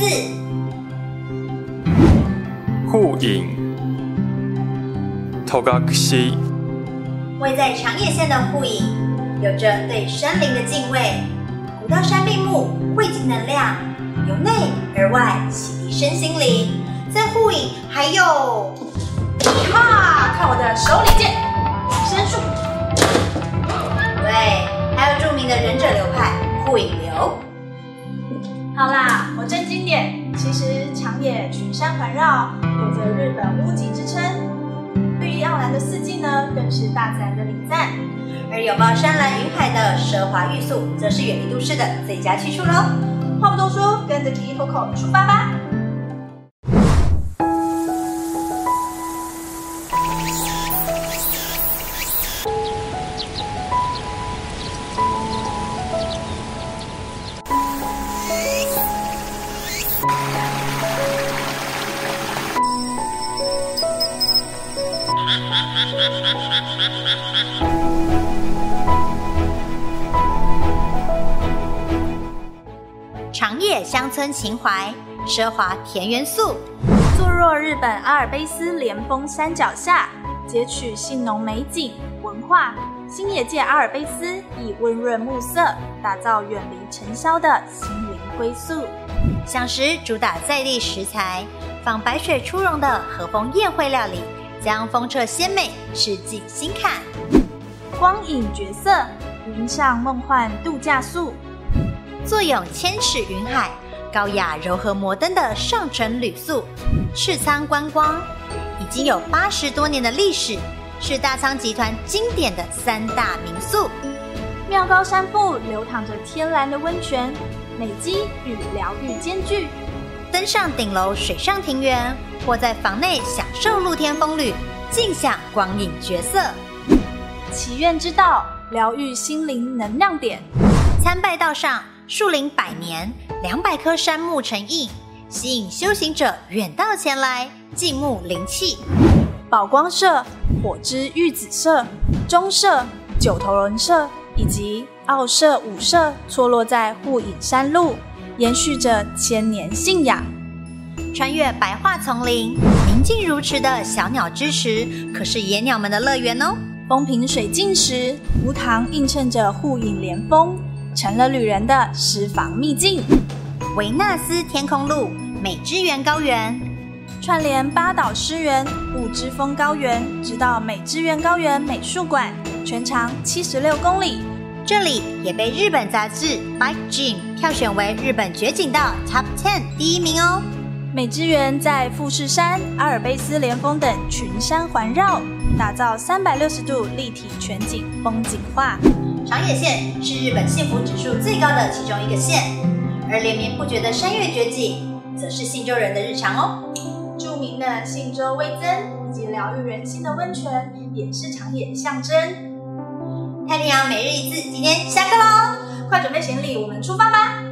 四，戶隱，托嘎西。位在長野縣的戶隱，有着對山林的敬畏。古道山並木匯集能量，由內而外洗滌身心靈。在戶隱還有，哇、啊，看我的手裡劍，隱身術。對，還有著名的忍者流派戶隱流。好啦。經典，其實長野群山環繞，有着日本屋脊之稱，綠意盎然的四季呢，更是大自然的禮讚。而擁抱山嵐雲海的奢華玉宿則是遠離都市的最佳去處嘍。話不多說，跟着吉托口出發吧。鄉村情懷，奢華田園宿，坐落日本阿爾卑斯連峰山腳下，汲取信濃美景文化，星野界阿爾卑斯以溫潤暮色打造遠離塵囂的心靈歸宿。享食主打在地食材，仿白雪初融的和風宴會料理，將風徹鮮美吃盡心坎。看光影角色，雲上夢幻度假宿。坐擁千尺雲海，高雅柔和摩登的上乘旅宿，赤倉觀光已經有八十多年的歷史，是大倉集團經典的三大民宿。妙高山腹流淌着天然的溫泉，美肌與療癒兼具。登上頂樓水上庭園，或在房內享受露天風呂，盡享光影絕色。祈願之道，療癒心靈能量點，參拜道上。樹林百年，兩百棵杉木成蔭，吸引修行者遠道前來靜沐靈氣。寶光社、火之御子社、中社、九頭龍社以及奧社五社錯落在戶隱山路，延續着千年信仰。穿越白樺叢林，寧靜如池的小鳥之池可是野鳥們的樂園哦。風平水靜時，湖塘映襯着戶隱連峰。成了旅人的私房秘境。維納斯天空路美之原高原，串聯八島濕原、霧之峰高原，直到美之原高原美術館，全長七十六公里。這裡也被日本雜誌《Bike Gym》挑選為日本絕景道 Top Ten 第一名哦。美之源在富士山、阿爾卑斯連峰等群山環繞，打造三百六十度立體全景風景畫。長野縣是日本幸福指數最高的其中一個縣，而連綿不絕的山岳絕景，則是信州人的日常哦。著名的信州味噌以及療癒人心的溫泉，也是長野的象徵。太平洋每日一字，今天下課嘍，快準備行李，我們出發吧。